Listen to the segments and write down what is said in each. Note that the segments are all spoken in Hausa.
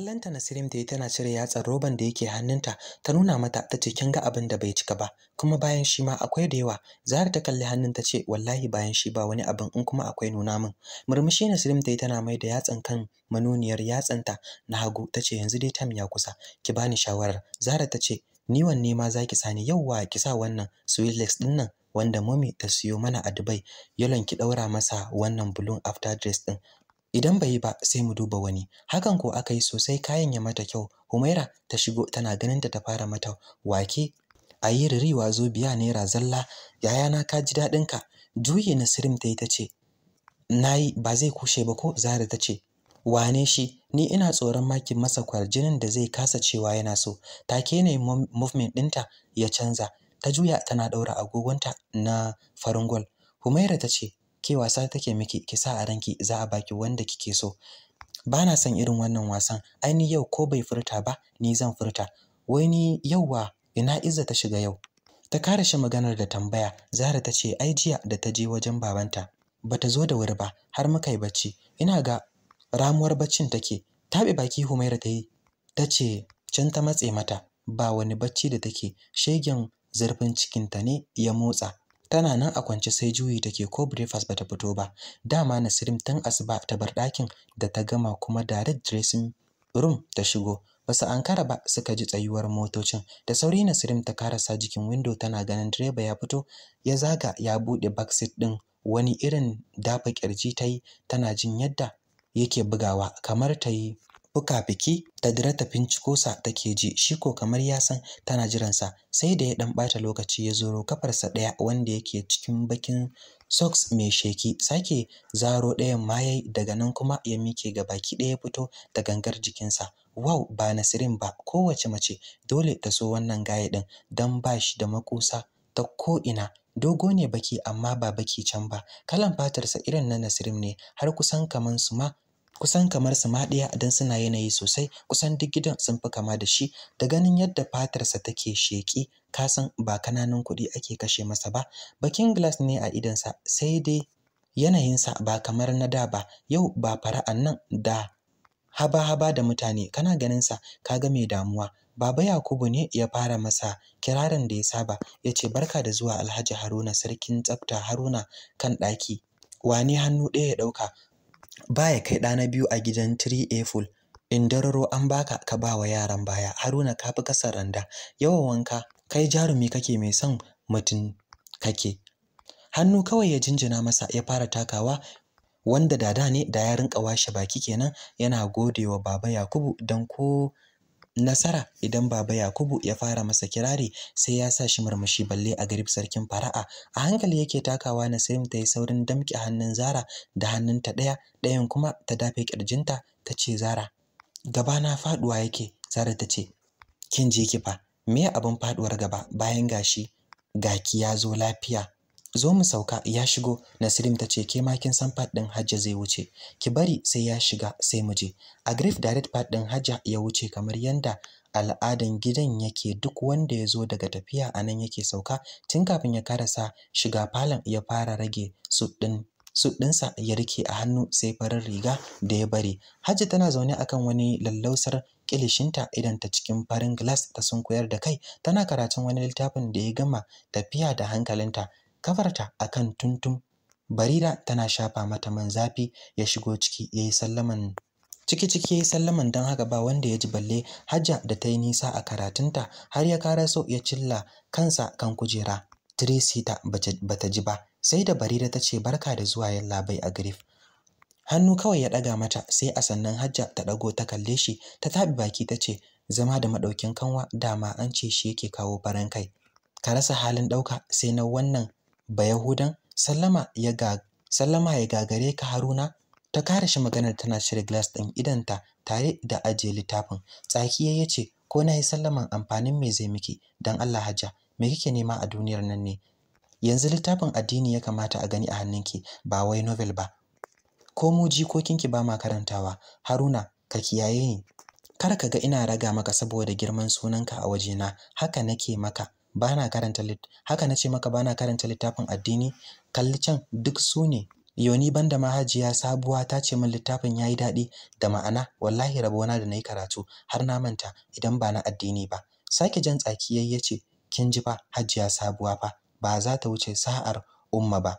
Kallanta Nasirim da tana cire yatsar roban da yake hannunta ta nuna mata ta ce kin ga abin da bai cika ba kuma bayan shi ma akwai da yawa Zahra ta kalli hannun ce wallahi bayan shi ba wani abin in kuma akwai nuna min murmushi Nasirim ta tana mai da yatsan kan manoniyar yatsanta na hagu ta ce yanzu dai tam ya kusa ki bani shawarar Zahra ta ce ni wanne ma zaki sani yauwa ki sa wannan sweetless din nan wanda mummy ta siyo mana a Dubai yalon ki daura masa wannan balloon after dress din idan bai yi ba sai mu duba wani hakan ko aka yi sosai kayan ya mata kyau humaira ta shigo tana ganin ta ta fara mata wake a yi ririwa zo biya naira zalla Yaya na ka ji daɗin ka juyi na sirim ta yi ta ce na yi ba zai kushe ba ko zara ta ce wane shi ni ina tsoron makin masa kwarjinin da zai kasa cewa yana so Ta ke ne movement ɗinta ya canza ta juya tana ɗaura agogonta na farin gwal humaira ta ce ke wasa take miki ki sa a ranki za a baki wanda kike so ba na son irin wannan wasan ai ni yau ko bai furta ba ni zan furta wai ni yauwa ina izza ta shiga yau ta kare shi maganar da tambaya zara ta ce ai jiya da ta je wajen babanta bata zo da wuri ba har muka yi bacci ina ga ramuwar baccin take taɓe baki humaira ta yi ta ce can ta matse mata ba wani bacci da take shegen zurfin cikinta ne ya motsa tana nan a kwance sai juyi take ko breakfast bata fito ba dama Nasirim tun asuba ta bar ɗakin da ta gama kuma direct dressing room ta shigo basu ankara ba suka ji tsayuwar motocin da sauri Nasirim ta karasa jikin window tana ganin direba ya fito ya zaga ya buɗe back seat ɗin wani irin dafa kirji ta yi tana jin yadda yake bugawa kamar ta yi fuka-fiki tadira ta binciko sa take ji shi ko kamar ya san tana jiransa sai da ya dan bata lokaci ya zoro kafarsa ɗaya wanda yake cikin bakin socks mai sheki sake zaro ɗayan mayai daga nan kuma ya mike ga baki ɗaya fito da gangar jikinsa wow ba nasirin ba kowace mace dole ta so wannan gaye din dan ba shi da makusa ta ko ina dogo ne baki amma ba baki can ba kalan fatarsa irin na nasirin ne har kusan kaman su ma kusan kamar su maɗiya don suna yanayi sosai kusan duk gidan sun fi kama da shi da ganin yadda fatarsa take sheƙi kasan ba kananan kuɗi ake kashe masa ba bakin glass ne a idansa sai dai yanayinsa ba kamar na da ba yau ba fara'an nan da haba-haba da mutane kana ganinsa ga mai damuwa Baba Yakubu ne ya fara masa kirarin da ya saba ya ce barka da zuwa Alhaji Haruna sarkin tsafta Haruna kan ɗaki. Wani hannu ɗaya ya ɗauka Ba ya kai ɗa na biyu a gidan 3A full in dararo an baka ka ba wa yaran baya haruna ka fi randa yawan wanka kai jarumi kake mai son mutum kake hannu kawai ya jinjina masa ya fara takawa wanda da da ne da ya rinka washe baki kenan yana gode wa baba Yakubu don ko nasara idan baba Yakubu ya fara masa kirari sai ya sa shi murmushi balle a garib sarkin fara'a a hankali yake takawa na Nasirim ta yi saurin damƙe hannun Zara da hannun ta ɗaya ɗayan kuma ta dafe ƙirjinta ta ce Zara gaba na faduwa yake Zara ta ce kin je ki fa me abin faɗuwar gaba bayan gashi gaki ya zo lafiya zo mu sauka ya shigo Nasirim ta ce ke ma kin san part din Hajja zai wuce ki bari sai ya shiga sai mu je A grief direct part din Hajja ya wuce kamar yanda al'adan gidan yake duk wanda ya zo daga tafiya a nan yake sauka tun kafin ya karasa shiga falon ya fara rage su din ya rike a hannu sai farar riga da ya bari Hajja tana zaune akan wani lallausar kilishinta idan ta cikin farin glass ta sunkuyar da kai tana karatun wani littafin da ya gama tafiya da hankalinta kafarta akan tuntun barira tana shafa mata man zafi ya shigo ciki yayi sallaman ciki ciki yayi sallaman dan haka ba wanda ya ji balle hajja da ta yi nisa a karatunta har ya karaso ya cilla kansa kan kujera tresita bata ji ba sai da barira ta ce barka da zuwa yalla bai a grif hannu kawai ya ɗaga mata sai a sannan hajja ta ɗago ta kalle shi ta tabi baki ta ce zama da maɗaukin kanwa dama an ce shi yake kawo farin kai ka rasa halin ɗauka sai na wannan Bayahudan sallama ya ga sallama ya gagare ka Haruna ta kare shi maganar tana cire glass ɗin idanta tare da ajiye littafin tsakiya ya ce ko na yi sallaman amfanin mai zai miki don Allah hajja me kike nema a duniyar nan ne yanzu littafin addini ya kamata a gani a hannunki ba wai novel ba ko mu jikokinki ba ma karantawa Haruna ka kiyaye ni kar ka ga ina raga maka saboda girman sunanka a wajena haka nake maka ba na karanta haka na ce maka ba na karanta littafin addini kalli can duk su ne yoni banda mahajiya sabuwa ta ce min littafin ya yi daɗi da ma'ana wallahi rabona da na yi karatu har na manta idan ba na addini ba sake jan tsaki yayi yace kin ji fa hajiya sabuwa fa ba za ta wuce sa'ar umma ba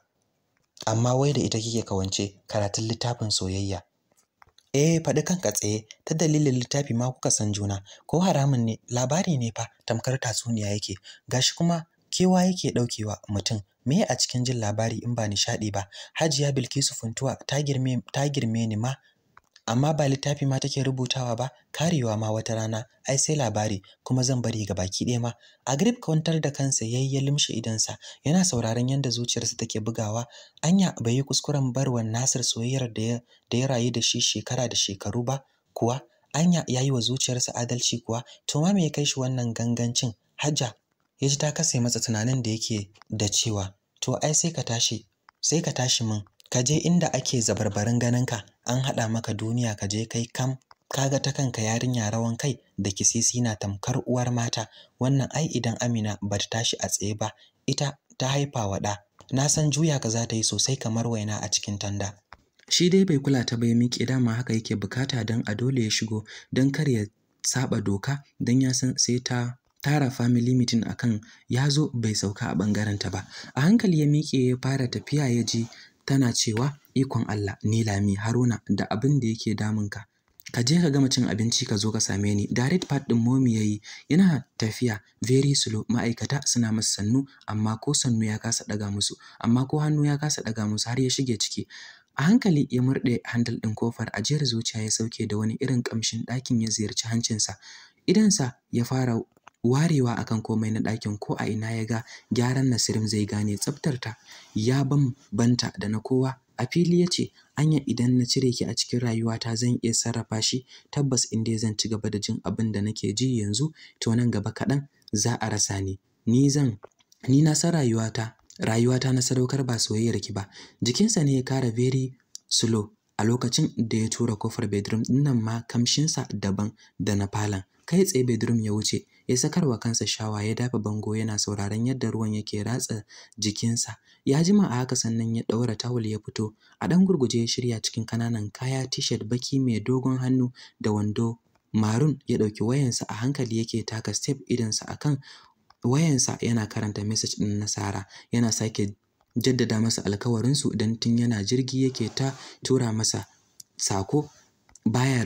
amma wai da ita kike kawance karatun littafin soyayya eh faɗi kanka tsaye ta dalilin littafi ma kuka san juna ko haramun ne labari ne fa tamkar tatsuniya yake gashi kuma kewa yake ɗaukewa mutum me a cikin jin labari in ba nishaɗi ba hajiya bilkisu funtuwa ta girme ta girme ni ma amma ba littafi ma take rubutawa ba karewa ma wata rana ai sai labari kuma zan bari ga baki ɗaya ma A agrib kwantar da kansa yayi ya limshe idansa yana sauraron yadda zuciyarsa take bugawa anya bai yi kuskuren barwan nasir soyayyar da da ya rayu da shi shekara da shekaru ba kuwa anya yayi wa zuciyarsa adalci kuwa to ma me ya kai shi wannan gangancin hajja ya ji ta kasa masa tunanin da yake da cewa to ai sai ka tashi sai ka tashi min ka je inda ake zabarbarin ganinka an haɗa maka duniya ka je kai kam kaga ta kanka yarinya rawan kai da kisisi na tamkar uwar mata wannan ai idan Amina bata tashi a tsaye ba ita ta haifa wa ɗa na san juya ka za ta yi sosai kamar waina a cikin tanda shi dai bai kula ta bai miƙe dama haka yake bukata don a dole ya shigo don kar ya saba doka don ya san sai ta tara family meeting akan ya zo bai sauka a ɓangaren ta ba a hankali ya miƙe ya fara tafiya ya ji tana cewa ikon Allah ni lami Haruna da abin da yake damun ka Ka je ka gama cin abinci ka zo ka same ni direct part din momi yayi yana tafiya very slow ma'aikata suna masa sannu amma ko sannu ya kasa daga musu amma ko hannu ya kasa daga musu har ya shige ciki a hankali ya murɗe handle din kofar ajiyar zuciya ya sauke da wani irin kamshin ɗakin ya ziyarci hancinsa idansa ya fara warewa akan komai na ɗakin ko a ina ya ga gyaran Nasirim zai gane tsaftarta ya bambanta da na kowa a fili ya ce anya idan na cire ki a cikin rayuwata zan iya sarrafa shi tabbas in dai zan ci gaba da jin abin da nake ji yanzu to nan gaba kaɗan za a rasa ni ni zan ni na san rayuwata rayuwata na sadaukar ba soyayyar ki ba jikinsa ne ya kara very slow a lokacin da ya tura kofar bedroom ɗin nan ma kamshinsa daban da na falon kai tsaye bedroom ya wuce ya wa kansa shawa ya dafa bango yana sauraron yadda ruwan yake ratsa jikinsa ya jima a haka sannan ya ɗaura tawul ya fito a ɗan gurguje ya shirya cikin kananan kaya t-shirt baki mai dogon hannu da wando marun ya ɗauki wayansa a hankali yake taka step a kan wayansa yana karanta message ɗin nasara yana sake jaddada masa alkawarinsu don tun yana jirgi yake ta tura masa sako baya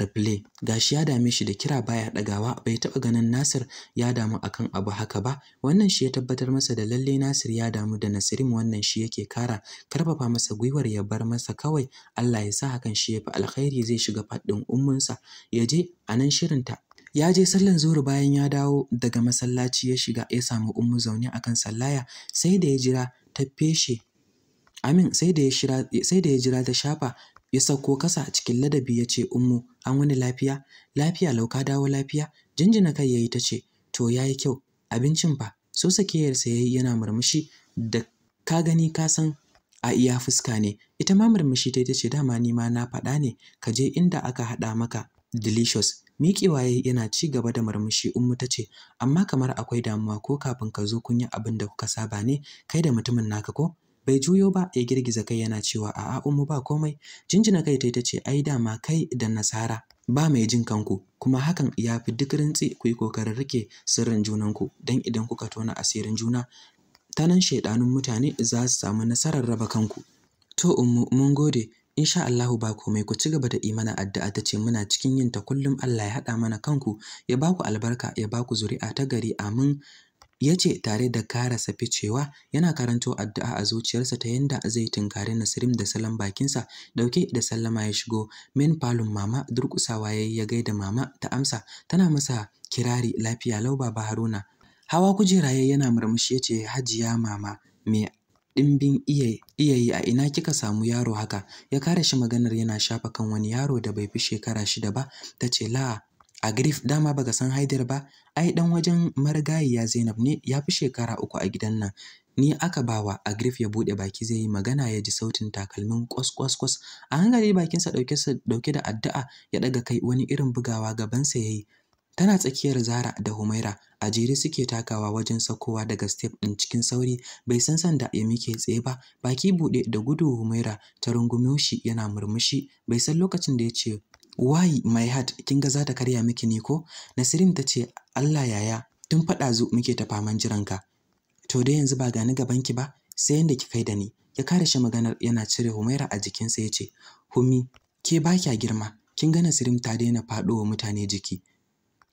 ga shi ya dame shi da kira baya dagawa. bai taba ganin Nasir ya damu akan abu haka ba wannan shi ya tabbatar masa da lalle Nasir ya damu da Nasirim wannan shi yake kara karfafa masa gwiwar ya bar masa kawai Allah ya sa hakan shi ya fi alkhairi zai shiga faɗin ummunsa ya je a nan shirinta ya je sallan zuhur bayan ya dawo daga masallaci ya shiga ya samu ummu zaune akan sallaya sai da ya jira ta feshe Amin sai da ya jira ta shafa ya sauko kasa a cikin ladabi ya ce ummu an wani lafiya lafiya lauka dawo lafiya jinjina kai yayi ta ce to yayi kyau abincin fa so yarsa yayi yana murmushi da ka gani ka san a iya fuska ne ita ma murmushi ta ce dama ni ma na faɗa ne ka je inda aka haɗa maka delicious miƙewa yayi yana ci gaba da murmushi ummu ta ce amma kamar akwai damuwa ko kafin ka zo kun yi abin da kuka saba ne kai da mutumin naka ko bai juyo ba ya girgiza kai yana cewa a'a ummu ba komai jinjina kai ta tace ai dama kai da nasara ba mai jin kanku kuma hakan ya fi duk rintsi ku yi kokarin rike sirrin junanku don idan kuka tona asirin juna ta nan shaiɗanun mutane za su samu nasarar raba kanku to ummu mun gode insha Allahu ba komai ku ci gaba da imana addu'a ta ce muna cikin yin ta kullum Allah ya haɗa mana kanku ya baku albarka ya baku zuri'a ta gari amin ya ce tare da karasa ficewa yana karanto addu'a a zuciyarsa ta yadda zai tunkari Nasrim da salon bakinsa dauke da sallama ya shigo main palon mama durkusawa yayi ya gaida mama ta amsa tana masa kirari lafiya lau baba Haruna hawa kujera ya yana murmushi ya ce hajiya mama me dimbin iya iyayi a ina kika samu yaro haka ya kare shi maganar yana shafa kan wani yaro da bai fi shekara shida ba ta ce la a grif dama baka san haidar ba ai dan wajen marigayiya Zainab ne ya fi shekara uku a gidan nan ni aka bawa a grif ya buɗe baki zai yi magana ya ji sautin takalmin kwas-kwas-kwas a hankali bakinsa ɗauke da addu'a ya ɗaga kai wani irin bugawa gabansa ya yi tana tsakiyar zara da humaira a jere suke takawa wajen saukowa daga step ɗin cikin sauri bai san sanda ya mike tsaye ba baki buɗe da gudu humaira ta rungume shi yana murmushi bai san lokacin da ya ce why my heart kin ga za ta karya miki ne ko nasirin ta ce allah yaya tun faɗa zu muke ta faman jiranka to dai yanzu ba gani gabanki ba sai yanda ki kai da ni ya kare shi maganar yana cire humaira a jikinsa ya ce humi ke ba kya girma kin ga nasirim ta daina faɗowa mutane jiki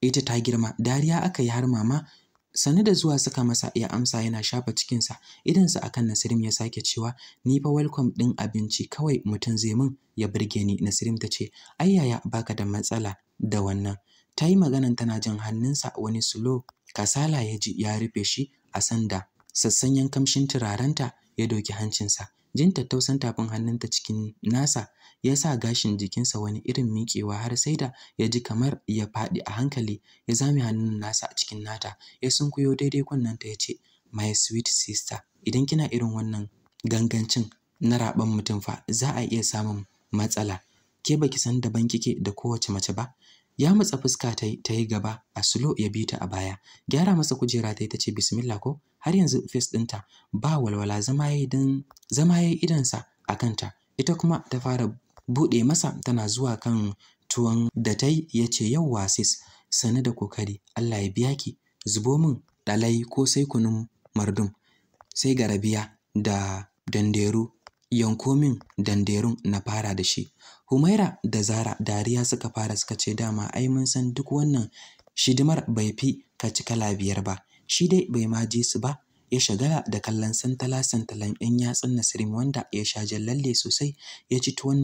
ita ta girma dariya aka yi har mama Sani da zuwa suka masa ya amsa yana shafa cikinsa, idansa akan akan Nasirim ya sake cewa, Ni fa welcome ɗin abinci kawai mutum zai mun ya burge ni. Nasirim ta ce, Ai yaya baka da matsala da wannan. Ta yi maganan tana jan hannunsa wani slow, kasala ya ji ya rufe shi a sanda. Sassanyen kamshin ta ya doki hancinsa. Jin tattausan tafin hannunta cikin nasa ya sa gashin jikinsa wani irin miƙewa har sai da ya ji kamar ya faɗi a hankali ya zame hannun nasa a cikin nata ya sunkuyo daidai kunnen ta ya ce my sweet sister idan kina irin wannan gangancin na raɓan mutum fa za a iya samun matsala ke baki san daban kike da kowace mace ba ya matsa fuska ta yi gaba a sulo ya bi ta a baya gyara masa kujera ta yi ta ce bismillah ko har yanzu fes ɗinta ba walwala zama ya yi idansa a kanta ita kuma ta fara buɗe masa tana zuwa kan tuwon da ta yi ya ce yau sis sani da kokari Allah ya biya ki zubo min ɗalai ko sai kunun mardum sai garabiya da danderu yanko min danderun na fara da shi humaira da zara dariya suka fara suka ce dama ai mun san duk wannan shidimar bai fi ka ci kala biyar ba shi dai bai ma je su ba ya shagala da kallon santala santalan yan yatsun nasirim wanda ya sha Jallalle sosai ya ci tuwon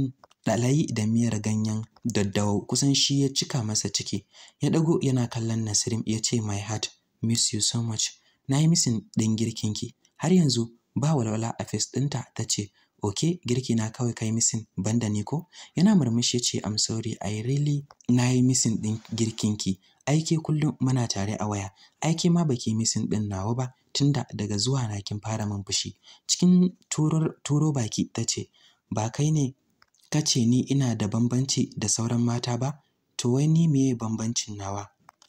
ɗalayi da miyar ganyen daddawa kusan shi ya cika masa ciki ya ɗago yana kallon Nasirim ya ce my heart miss you so much na yi misin ɗin girkin ki. har yanzu ba walwala a face ɗinta ta ce okay girki na kawai kai misin banda ni ko yana murmushi ya ce i'm sorry i really na yi misin ɗin girkin ki. aiki kullum muna tare a waya aiki ma baki misin ɗin nawa ba tunda daga zuwa na kin fara min fushi cikin turo baki ta ce ba kai ne ka ce ni ina da bambanci da sauran mata ba to wai ni meye bambancin nawa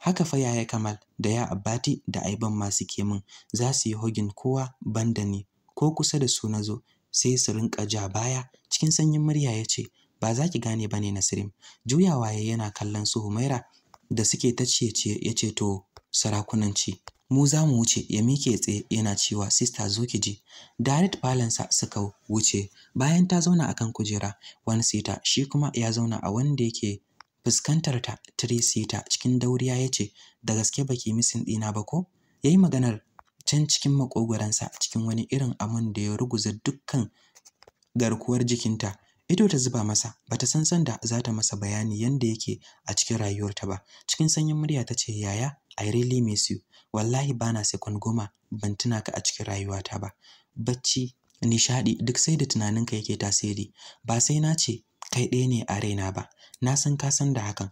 haka fa yaya kamal da ya abbati da aiban ma suke min za su yi hogin kowa banda ni ko kusa da su na zo sai su rinka ja baya cikin sanyin murya ya ce ba za ki gane ba ne nasirim juyawa ya yana kallon su humaira da suke ta ciye-ciye ya ce to sarakunanci mu za mu wuce ya miƙe tsaye yana cewa sista zo ki je direct balansa suka wuce bayan ta zauna akan kujera one seater shi kuma ya zauna a wanda yake fuskantar ta three seater cikin dauriya ya ce da gaske baki misin dina ba ko yayi maganar can cikin makogoransa cikin wani irin amon da ya ruguza dukkan garkuwar jikinta ido ta zuba masa bata san sanda za ta masa bayani yanda yake a cikin rayuwarta ba cikin sanyin murya ta ce yaya i really miss you wallahi ba na second goma ban tuna ka a cikin rayuwata ba bacci nishaɗi, duk sai da tunaninka yake tasiri ba sai na ce kai ɗaya ne a raina ba na san ka san da hakan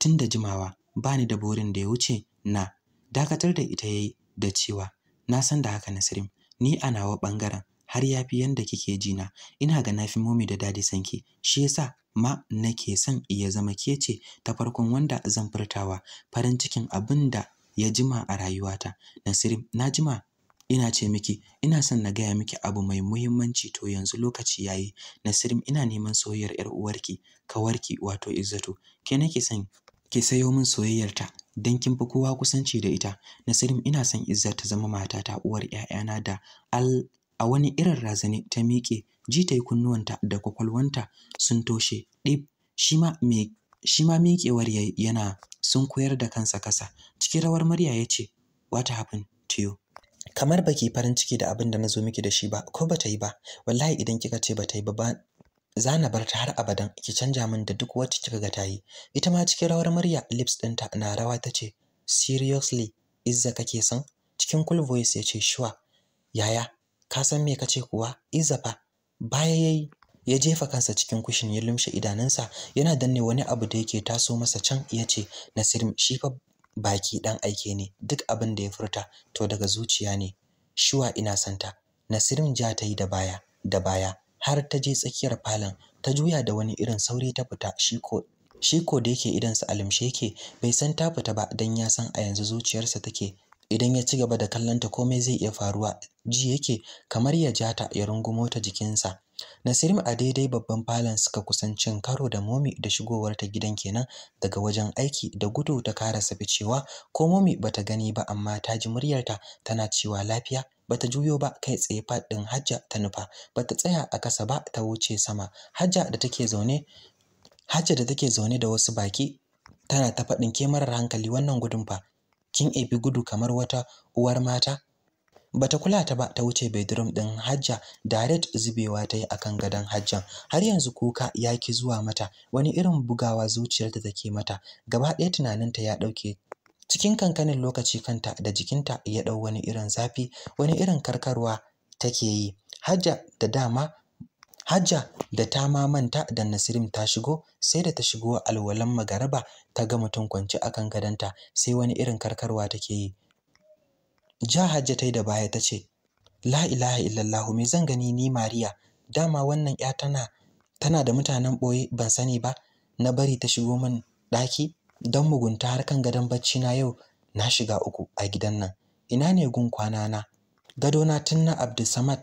tun da jimawa bani da burin da ya wuce na dakatar da ita yayi da cewa na san da haka Nasrim ni a nawa bangaren har yafi yanda kike jina ina ga na fi momi da dadi sanki shi yasa ma nake son iya zama ke ce ta farkon wanda zan furtawa farin cikin abin da ya jima a rayuwata nasirim na jima ina ce miki ina son na gaya miki abu mai muhimmanci to yanzu lokaci yayi nasirim ina neman soyayyar yar uwarki kawarki wato izzatu ke nake son ki sayo min soyayyarta dan kin fi kowa kusanci da ita nasirim ina son izzat ta zama matata uwar 'ya'yana da al a wani irin razani ta miƙe ji ta yi kunnuwanta da kwakwalwanta sun toshe ɗib shi me shi ma miƙewar yana sun koyar da kansa kasa cikin rawar murya ya ce what happened to kamar baki farin ciki da abin da na zo miki da shi ba ko bata yi ba wallahi idan kika ce bata yi ba za na bar ta har abadan ki canja min da duk wacce kika ga tayi ita ma cikin rawar murya lips ɗinta na rawa ta ce seriously izza kake son cikin cool voice ya ce sure yaya ka san me kace kuwa izza fa baya yayi ya jefa kansa cikin kushin ya lumshe idanunsa yana danne wani abu da yake taso masa can ya ce Nasir shi fa baki dan aike ne duk abin da ya furta to daga zuciya ne shuwa ina santa nasir ja ta yi da baya da baya har ta je tsakiyar falon ta juya da wani irin sauri ta fita shi ko shi ko da yake idansa a alimshe yake bai san ta fita ba dan ya san a yanzu zuciyarsa take idan ya ci gaba da kallonta komai zai iya faruwa ji yake kamar ya ja ta ya rungumo ta jikinsa Nasirim a daidai babban falon suka kusancin karo da Momi da shigowar ta gidan kenan daga wajen aiki da gudu ta karasa cewa ko Momi bata gani ba amma ta ji muryarta tana cewa lafiya bata juyo ba kai tsaye faɗin Hajja ta nufa bata tsaya a kasa ba ta wuce sama Hajja da take zaune Hajja da take zaune da wasu baki tana ta faɗin kemarar hankali wannan gudun fa kin ebi gudu kamar wata uwar mata bata kula ta ba ta wuce bedroom din Hajja direct zubewa ta yi akan gadon Hajjan har yanzu kuka ya ki zuwa mata wani irin bugawa zuciyarta take mata gaba ɗaya tunaninta ya ɗauke cikin kankanin lokaci kanta da jikinta ya ɗau wani irin zafi wani irin karkarwa take yi Hajja da dama Hajja da ta mamanta da Nasirim ta shigo sai da ta shigo alwalan magaraba ta ga mutum kwance akan gadonta sai wani irin karkarwa take yi ja hajja ta yi da baya ta ce la ilaha illallah me zan gani ni mariya dama wannan ya tana tana da mutanen ɓoye ban sani ba na bari ta shigo min ɗaki don mugunta har kan gadon bacci na yau na shiga uku a gidan nan ina ne gun kwana na gadona tun na abdulsamad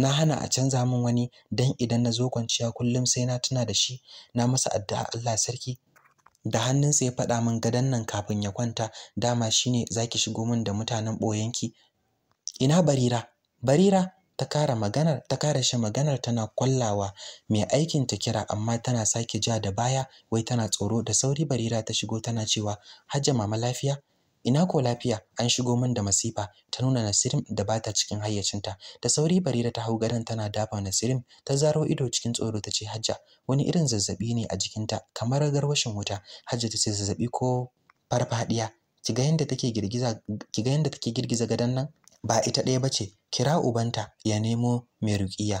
na hana a canza min wani dan idan na zo kwanciya kullum sai na tuna da shi na masa addu'a Allah sarki da hannunsa ya faɗa min gadon nan kafin ya kwanta dama shine zaki shigo min da mutanen ɓoyenki ina barira barira ta kara maganar ta kara shi maganar tana kwallawa mai aikin ta kira amma tana sake ja da baya wai tana tsoro da sauri barira ta shigo tana cewa hajja mama lafiya ina ko lafiya an shigo min da masifa ta nuna Nasirim da bata cikin hayyacinta da sauri Barira ta hau gadon tana dafa Nasirim ta zaro ido cikin tsoro ta ce Hajja wani irin zazzabi ne a jikinta kamar garwashin wuta Hajja ta ce zazzabi ko farfadiya kiga yanda take girgiza kiga yanda take girgiza gadon nan ba ita ɗaya bace kira ubanta ya nemo mai ruqiya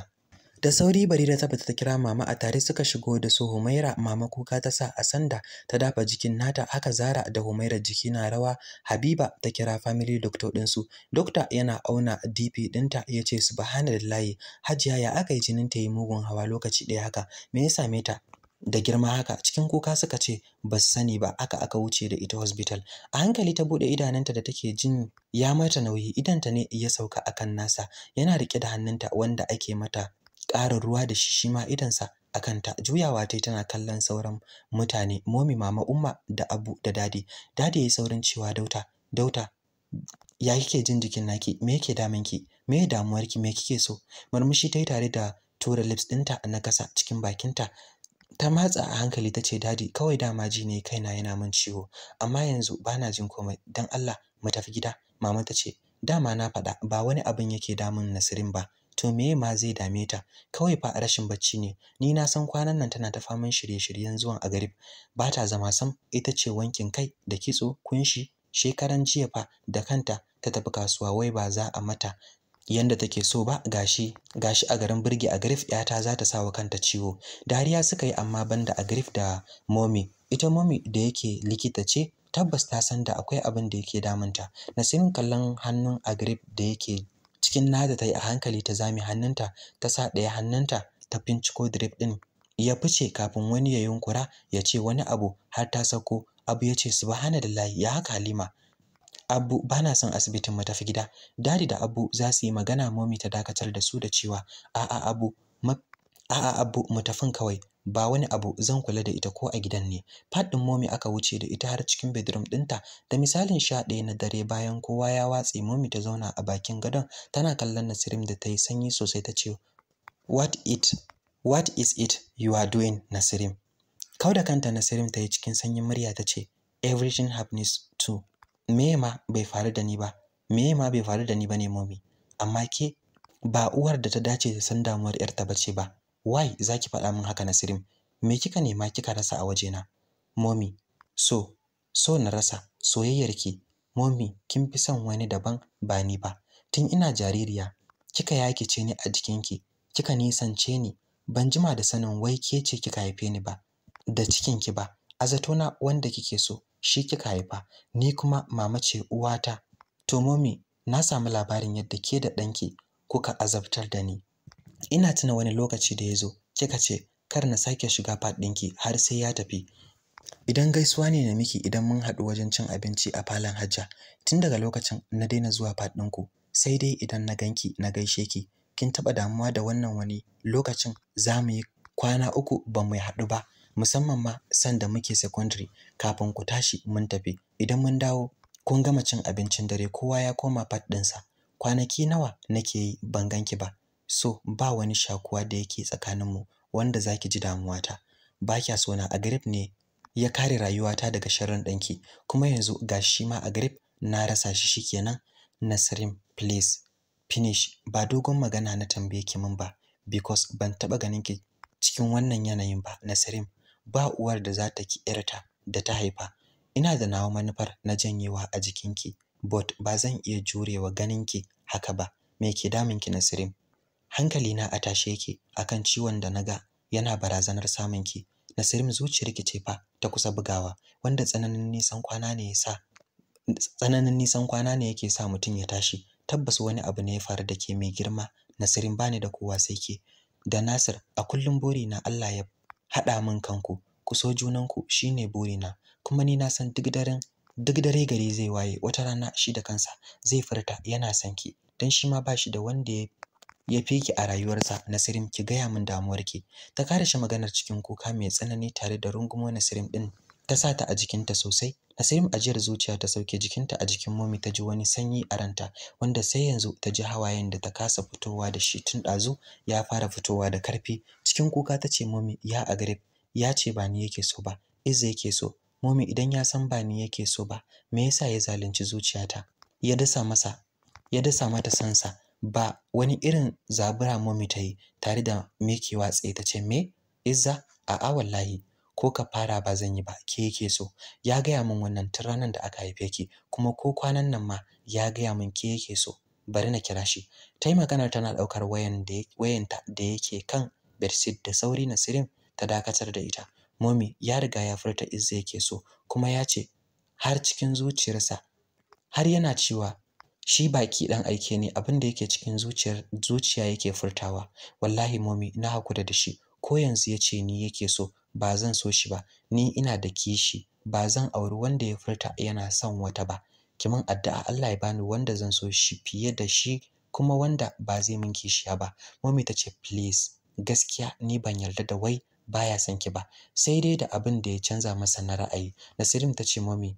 Da sauri bari da fita ta kira mama a tare suka shigo da su Humaira mama kuka ta sa a sanda ta dafa jikin nata haka Zara da Humaira jiki na rawa Habiba ta kira family doctor din su doctor yana auna DP dinta yace subhanallahi Hajiya ya aka yi jinin ta yi mugun hawa lokaci daya haka me ya same ta da girma haka cikin kuka suka ce ba su sani ba aka aka wuce da ita hospital a hankali ta bude idananta da take jin ya mata nauyi idanta ne ya sauka akan nasa yana rike da hannunta wanda ake mata ƙara ruwa da shi shima idonsa a kanta juyawa tai tana kallon sauran mutane momi mama umma da abu da dadi dadi yayi saurin cewa dauta dauta ya kike jin jikin naki me yake ki? me ya ki? me kike so murmushi yi tare da tura lips ɗinta na kasa cikin bakinta ta matsa a hankali ta ce dadi kawai dama ji ne kaina yana min ciwo amma yanzu bana jin komai dan Allah mu tafi gida mama ta ce dama na faɗa ba wani abin yake damun Nasirin ba to me ma zai dame ta kawai fa rashin bacci ne ni na san kwanan nan tana ta faman shirye-shiryen zuwan agarib ba ta zama sam ita ce wankin kai da kitso kunshi shekaran jiya fa da kanta ta tafi kasuwa wai ba za a mata yanda take so ba gashi gashi a garin birge a grif yata za ta wa kanta ciwo dariya suka yi amma banda a grif da momi ita momi da yake likita ce tabbas ta san da akwai abin da yake damunta nasirin kallon hannun a grif da yake cikin nada ta yi a hankali ta zame hannunta ta sa ɗaya hannunta ta binciko drip ɗin ya fice kafin wani ya yunkura ya ce wani abu har ta sauko. abu ya ce da layi, ya haka halima abu ba na son asibitin mu tafi gida dadi da abu za su yi magana momi ta dakatar da su da cewa a'a abu a'a abu mu tafin kawai ba wani abu zan kula da ita ko a gidan ne faɗin momi aka wuce da ita har cikin bedroom ɗinta da misalin sha ɗaya na dare bayan kowa ya watse momi ta zauna a bakin gadon tana kallon nasirim da ta yi sanyi sosai ta ce what it what is it you are doing nasirim kau da kanta nasirim ta yi cikin sanyin murya ta ce everything happens to me ma bai faru da ni ba me ma bai faru da ni ba ne momi amma ke ba uwar da ta dace da san damuwar 'yarta bace ba why zaki faɗa min haka Nasirim me kika nema kika rasa a wajena mommy so so na rasa soyayyarki mommy kin fi son wani daban ba ni ba tun ina jaririya kika yakice ni a jikinki kika nisance ni ban jima da sanin wai ke ce kika haife ni ba da cikinki ba a na wanda kike so shi kika haifa ni kuma mama ce uwata to mommy na samu labarin yadda ke da ɗanki kuka azabtar da ni ina tuna wani lokaci da ya zo kika ce kar na sake shiga fat ɗinki har sai ya tafi idan gaisuwa ne na miki idan mun haɗu wajen cin abinci a falon hajja tun daga lokacin na daina zuwa fat ɗinku sai dai idan na ganki na gaishe ki kin taɓa damuwa da wannan wani lokacin za mu yi kwana uku ba mu haɗu ba musamman ma sanda muke secondary kafin ku tashi mun tafi idan mun dawo kun gama cin abincin dare kowa ya koma fat ɗinsa kwanaki nawa nake yi ban ganki ba so ba wani shakuwa da yake tsakaninmu wanda za ki ji damuwata ba kya so na agrip ne ya kare rayuwata daga sharrin ɗanki kuma yanzu ga shi ma agrip na rasa shi shi shikenan Nasirin please finish ba dogon magana na tambaye ki min ba because ban taɓa ganin ki cikin wannan yanayin ba Nasirin ba uwar da za ta ki irta da ta haifa ina da nawa manufar na janyewa a jikinki but ba zan iya jurewa ki haka ba me ke ki, Nasirin? Hankali na a tashe yake kan ciwon da na ga yana barazanar samun ki nasirim zuciyar ki ce fa ta kusa bugawa wanda tsananin nisan kwana ne yasa tsananin nisan kwana ne yake sa mutum ya tashi tabbas wani abu ne ya faru da ke mai girma nasirim bani da kowa sai ke da nasir a kullum na Allah ya haɗa min kanku ku so junanku shine na kuma ni na san duk daren duk dare gari zai waye wata rana shi da kansa zai furta yana son ki dan shi ma ba shi da wanda ya ya fi ki a rayuwarsa Nasirim ki gaya min damuwarki ta kare shi maganar cikin kuka mai tsanani tare da rungumo Nasirim ɗin ta sa ta a jikinta sosai Nasirim ajiyar zuciya ta sauke jikinta a jikin Momi ta ji wani sanyi a ranta wanda sai yanzu ta ji hawayen da ta kasa fitowa da shi tun ɗazu ya fara fitowa da karfi cikin kuka ta ce Momi ya agrib ya ce ba ni yake so ba Izza yake so Momi idan ya san ba ni yake so ba me yasa ya zalunci zuciyata ya dasa masa ya dasa mata sansa ba wani irin zabura mami ta yi tare da mekewa tsaye ta ce me izza a'a wallahi ko ka fara ba zan yi ba ke yake so ya gaya min wannan tun ranar da aka haife ki kuma ko kwanan nan ma ya gaya min ke yake so bari na kira shi ta yi maganar tana ɗaukar wayan wayanta da yake kan bedsheet da sauri na sirim ta dakatar da ita momi ya riga ya furta izza yake so kuma ya ce har cikin zuciyarsa har yana cewa shi baki ɗan aike ne abin da yake cikin zuciyar zuciya yake furtawa wallahi momi na hakura da shi ko yanzu yace ni yake so ba zan so shi ba ni ina da kishi ba zan auri wanda ya furta yana son wata ba kiman addu'a Allah ya bani wanda zan so shi fiye da shi kuma wanda ba zai min kishiya ba momi ce, please gaskiya ni ban yarda da wai baya son ki ba sai dai da abin da ya canza masa na ra'ayi nasirin ce momi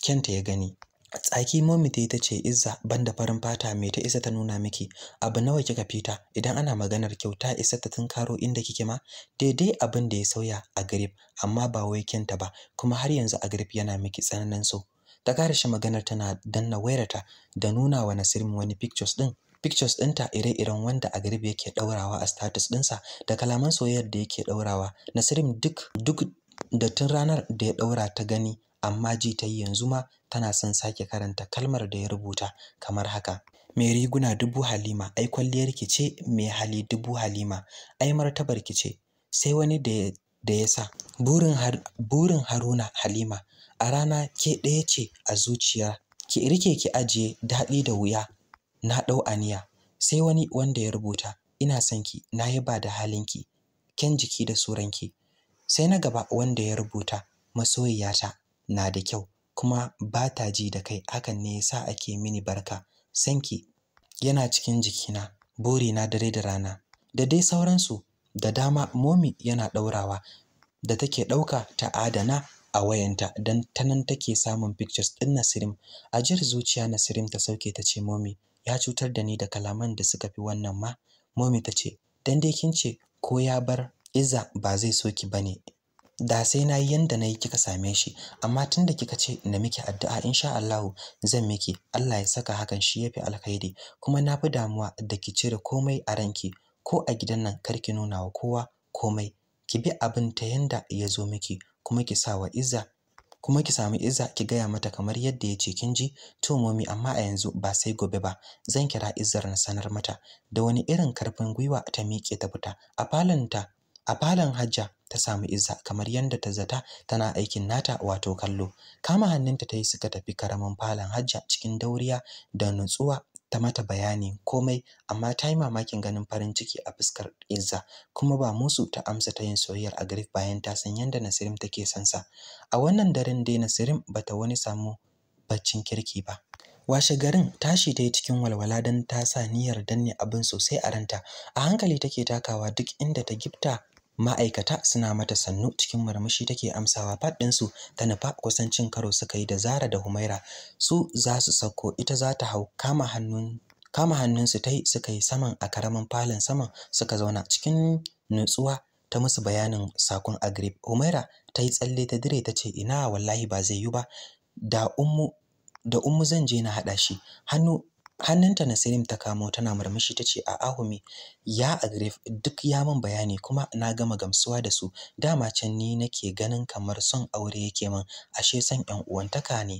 kenta ya gani tsaki mommy ta ta ce izza banda farin fata mai ta isa ta nuna miki abu nawa kika fita idan ana maganar kyauta isa ta karo inda kike ma daidai abin da ya sauya a grip amma ba wai kinta ba kuma har yanzu a grip yana miki tsananin so ta shi maganar tana danna wayarta da nuna wa Nasirin wani pictures din pictures ɗinta ire-iren wanda a garbe yake ɗaurawa a status ɗinsa da kalaman soyayyar da yake ɗaurawa Nasirin duk duk da tun ranar da ya ɗaura ta gani amma ji ta yi yanzu ma tana son sake karanta kalmar da ya rubuta kamar haka mai riguna dubu halima ai kwalliyar ki ce mai hali dubu halima ai martabar ki ce sai wani da ya sa burin, har, burin haruna halima a rana ke ɗaya ce a zuciya ki rike ki ajiye daɗi da wuya na ɗau aniya sai wani wanda ya rubuta ina son ki na yi ba da ki, kyan jiki da suranki sai na gaba wanda ya rubuta masoyiyata na da kyau kuma ba ta ji da kai hakan ne yasa ake mini barka sanki yana cikin jikina buri na dare da rana da dai sauransu da dama momi yana ɗaurawa da take ɗauka ta adana a wayanta don ta nan take samun pictures ɗin Nasirim. Ajiyar zuciya Nasirim ta sauke ta ce momi ya cutar da ni da kalaman da suka fi wannan ma. Momi ta ce dan dai kin ce ko ya bar Iza ba zai so ki bane da sai na yi yanda na yi kika same shi amma tun da kika ce na miki addu'a insha Allahu zan miki Allah ya saka hakan shi ya fi alkhairi kuma na fi damuwa da ki cire komai a ranki ko a gidan nan kar ki nuna wa kowa komai ki bi abin ta yanda ya zo miki kuma ki sa wa Izza kuma ki samu Izza ki gaya mata kamar yadda ya ce kin ji to momi amma a yanzu ba sai gobe ba zan kira Izzar na sanar mata da wani irin karfin gwiwa ta miƙe ta fita a a falon Hajja ta samu Izza kamar yadda ta zata tana aikin nata wato kallo. Kama hannunta ta yi suka tafi karamin falon Hajja cikin dauriya da nutsuwa ta mata bayani komai amma ta yi mamakin ganin farin ciki a fuskar Izza kuma ba musu ta amsa ta yin soyayyar a bayan ta san yadda Nasirim take son sa. A wannan daren dai Nasirim bata wani samu baccin kirki ba. washe garin tashi ta yi cikin walwala don ta sa niyyar danne abin sosai a ranta a hankali take takawa duk inda ta gifta ma'aikata suna mata sannu cikin murmushi take amsawa fat ɗinsu ta nufa kusan cin karo suka yi da zara da humaira su za su sauko ita za ta hau kama hannun kama hannunsu ta yi suka yi saman a karamin falon saman suka zauna cikin nutsuwa ta musu bayanin sakon agrib humaira ta yi tsalle ta dire ta ce ina wallahi ba zai yi ba da ummu da ummu zan je na haɗa shi hannu hannunta Nasirim ta kamo tana murmushi ta ce a ahumi ya agrif duk ya min bayani kuma na gama gamsuwa da su dama can ni nake ganin kamar son aure yake min ashe son ƴan uwantaka ne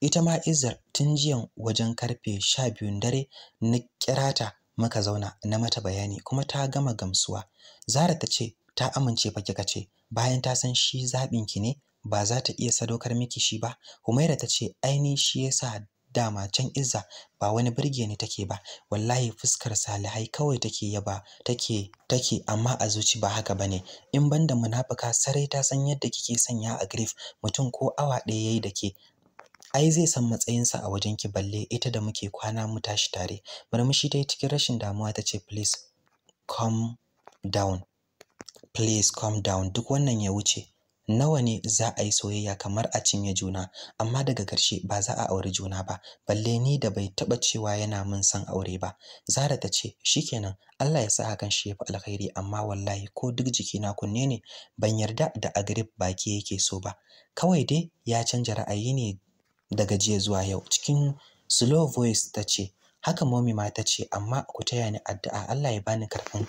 ita ma Izzar tun jiyan wajen karfe sha biyun dare na kirata maka zauna na mata bayani kuma ta gama gamsuwa Zara ta ce ta amince fa kika ce bayan ta san shi zabin ki ne ba za ta iya sadaukar miki shi ba Humaira ta ce aini shi yasa dama can Izza ba wani burge ne take ba wallahi fuskar salihai kawai take yaba take take amma a zuci ba haka bane in banda munafuka sarai ta san yadda kike sanya a grief mutum ko awa ɗaya yayi da ke ai zai san matsayinsa a wajen ki balle ita da muke kwana mu tashi tare murmushi ta yi cikin rashin damuwa ta ce please come down please calm down duk wannan ya wuce nawa ne za a yi soyayya kamar a cinye juna amma daga ƙarshe ba za a auri juna ba balle ni da bai taɓa cewa yana min san aure ba zara ta ce shikenan Allah ya sa hakan shi ya fi alkhairi amma wallahi ko duk jikina kunne ne ban yarda da agrib baki yake so ba kawai dai ya canja ra'ayi ne daga jiya zuwa yau cikin slow voice ta ce haka momi ma ta ce amma ku taya ni addu'a Allah ya bani karfin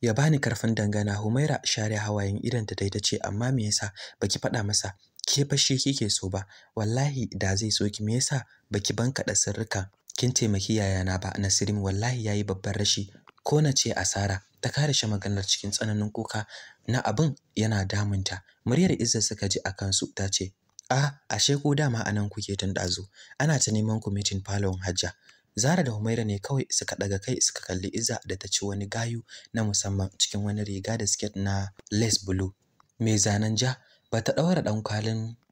ya bani karfin dangana Humaira share hawayen ta ta tace amma me yasa baki faɗa masa ke fa shi kike so ba wallahi da zai so ki me yasa baki banka da sirrika kin taimaki yayana ba Nasirim wallahi yayi babbar rashi ko na ce asara ta kare shi maganar cikin tsananin kuka na abin yana damunta muryar Izza suka ji a kansu ta ce a ah, ashe ko dama anan kuke tun dazu ana ta neman committee palon falon Hajja Zara da Humaira ne kawai suka ɗaga kai suka kalli Iza da ta ci wani gayu na musamman cikin wani riga da siket na lace blue mai zanen ja ba ta ɗaura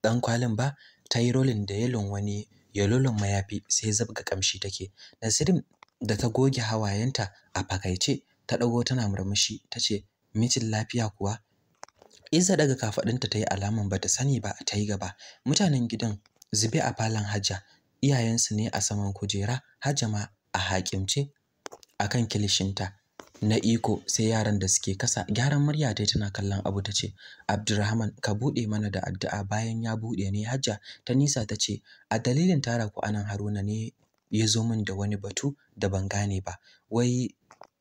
dan kwalin ba ta yi rolin da yelon wani yalolin mayafi sai zabga kamshi take Nasirin da ta goge hawayenta a fakaice ta ɗago tana murmushi ta ce, mijin lafiya kuwa Iza daga kafaɗinta ta yi alaman bata sani ba ta yi gaba mutanen gidan zube a falon Hajja iyayensu ne a saman kujera hajama a hakimce kan kilishinta na iko sai yaran da suke kasa gyaran murya ta tana kallon abu ta ce abdurrahman ka buɗe mana da addu'a bayan ya buɗe ne hajja ta nisa ta ce a dalilin tara ku anan haruna ne ya zo min da wani batu da ban gane ba wai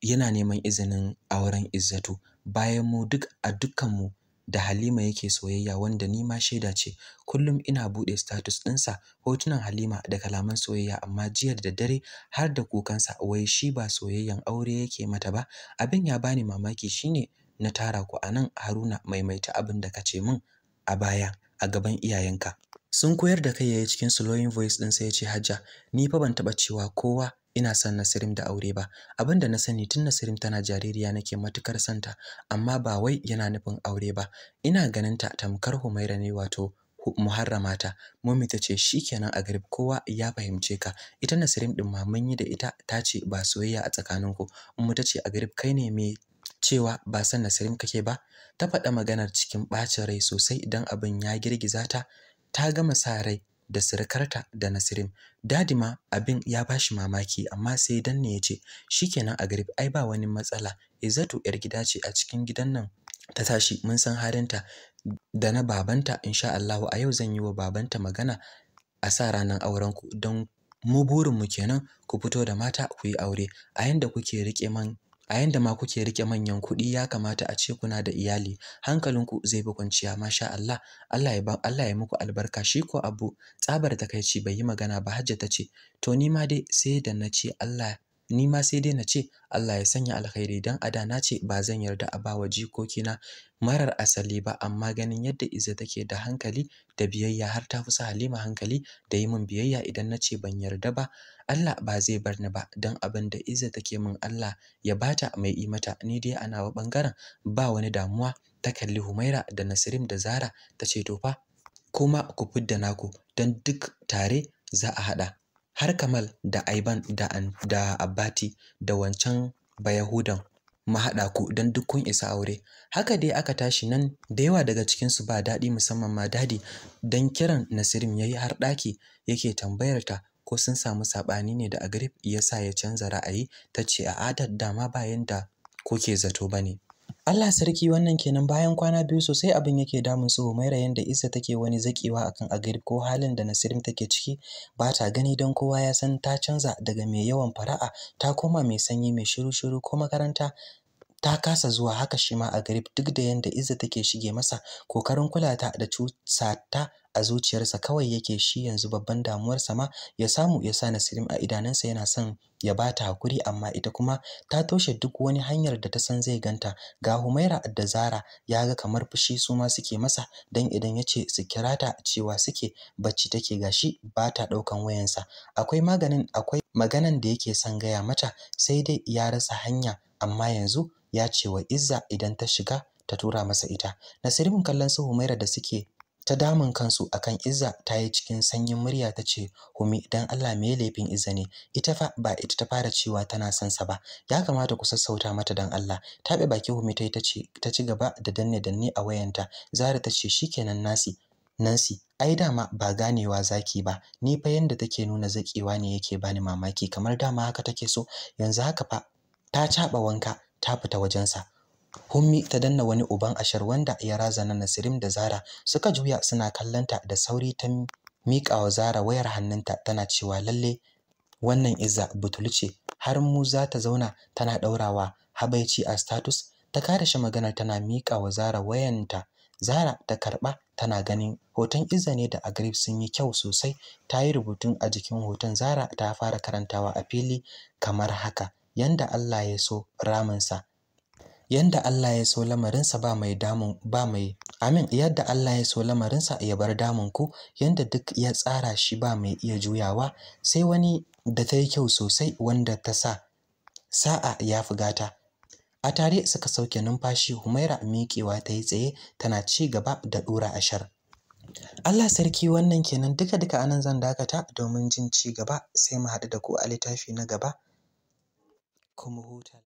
yana neman izinin auren izzatu bayan mu duk a dukkanmu da Halima yake soyayya wanda ni ma shaida ce kullum ina buɗe status ɗinsa hotunan Halima da kalaman soyayya amma jiya da dare har da kukansa wai shi ba soyayyan aure yake mata ba abin ya bani mamaki shine na tara ku A nan, Haruna maimaita abin da ka ce min a baya a gaban iyayenka sun koyar da kai yayi cikin slowing voice ɗinsa ya ce Hajja ni fa ban taɓa cewa kowa ina son Nasirim da aure ba abin da na sani tun Nasirim tana jaririya nake matukar santa amma ba wai yana nufin aure ba ina ganin ta tamkar Humaira ne wato muharramata mummy tace shikenan a garib kowa ya fahimce ka ita Nasirim din ma mun yi da ita ta ce ba soyayya a tsakanin tsakaninku ta tace a garib kai ne me cewa ba san Nasirim kake ba ta faɗa maganar cikin ɓacin rai sosai idan abin ya girgiza ta ta gama sa rai da sirikarta da Nasirim. Dadi ma abin ya bashi mamaki amma sai danne ya ce shikenan a garib ai ba wani matsala izatu yar gida ce a cikin gidan nan ta tashi mun san harinta da na babanta insha Allah a yau zan yi wa babanta magana a sa ranar auren ku don mu burin mu kenan ku fito da mata ku yi aure a yanda kuke rike man a yanda ma kuke rike manyan kuɗi ya kamata a ce kuna da iyali hankalinku zai bi kwanciya masha Allah Allah ya ba Allah ya muku albarka shi ko abu tsabar takaici bai yi magana ba Hajja ta ce to ni ma dai sai da na ce Allah ni ma sai dai na ce Allah ya sanya alkhairi dan a da na ce ba zan yarda a bawa jikokina marar asali ba amma ganin yadda Izza take da hankali da biyayya har ta fusa Halima hankali da yi min biyayya idan na ce ban yarda ba Allah ba zai bar ni ba dan abin da Izza take min Allah ya bata mai yi mata ni dai ana wa bangaren ba wani damuwa ta kalli Humaira da Nasirim da Zara ta ce to fa kuma ku fidda naku don duk tare za a haɗa har Kamal da Aiban da da abati da wancan Bayahudan mu haɗa ku don duk kun isa aure haka dai aka tashi nan da yawa daga cikin su ba daɗi musamman ma dadi don kiran Nasirim yi har ɗaki yake tambayar ta ko sun samu saɓani ne da ya sa ya canza ra'ayi ta a adad dama bayan da kuke zato ba ne. Allah sarki wannan kenan bayan kwana biyu sosai abin yake damun su Humaira yanda Isa take wani zakewa akan Agrib ko halin da Nasirim take ciki ba ta gani don kowa ya san ta canza daga mai yawan fara'a ta koma mai sanyi mai shiru-shiru ko makaranta ta kasa zuwa haka shi ma Agrib duk da yanda Izza take shige masa kokarin kula ta da cusa ta a zuciyarsa kawai yake shi yanzu babban damuwarsa ma ya samu ya sa Nasirim a idanunsa yana son ya ba ta hakuri amma ita kuma ta toshe duk wani hanyar da ta san zai ganta ga Humaira da Zara ya ga kamar fushi su ma suke masa dan idan ya ce su kira ta cewa suke bacci take gashi ba ta ɗaukan wayansa akwai maganin akwai maganan da yake son gaya mata sai dai ya rasa hanya amma yanzu ya ce wa Izza idan ta shiga ta tura masa ita Nasirin kallon su Humaira da suke ta damun kansu akan Izza ta yi cikin sanyin murya ta ce Humi don Allah me laifin Izza ne ita fa ba ita ta fara cewa tana son sa ba ya kamata ku sassauta mata don Allah tabe baki Humi ta ta ce ta ci gaba da danne danne a wayanta Zara ta ce shi shikenan nasi Nancy, ai dama ba ganewa zaki ba, ni fa yanda take nuna zakewa ne yake bani mamaki kamar dama haka take so, yanzu haka fa ta caɓa wanka ta fita wajensa. Hummi ta danna wani uban ashar wanda ya razana Nasirim da Zara suka juya suna kallanta da sauri ta miƙa wa Zara wayar hannunta tana cewa lalle wannan Izza ce, har mu za ta zauna tana ɗaurawa habaici a status ta kare shi magana tana miƙa wa Zara wayanta Zara ta karɓa tana ganin hoton Izza ne da Agrib sun yi kyau sosai ta yi rubutun a jikin hoton Zara ta fara karantawa a fili kamar haka yanda Allah ya so ramansa yanda Allah ya so lamarinsa ba mai damun ba mai amin yadda Allah ya so lamarinsa ya bar damun ku yadda duk ya tsara shi ba mai iya juyawa sai wani da ta yi kyau sosai wanda ta sa sa'a ya fi gata a tare suka sauke numfashi humaira miƙewa ta yi tsaye tana ci gaba da ɗora ashar Allah sarki wannan kenan duka duka anan zan dakata domin jin ci gaba sai mu haɗu da ku a littafi na gaba kuma huta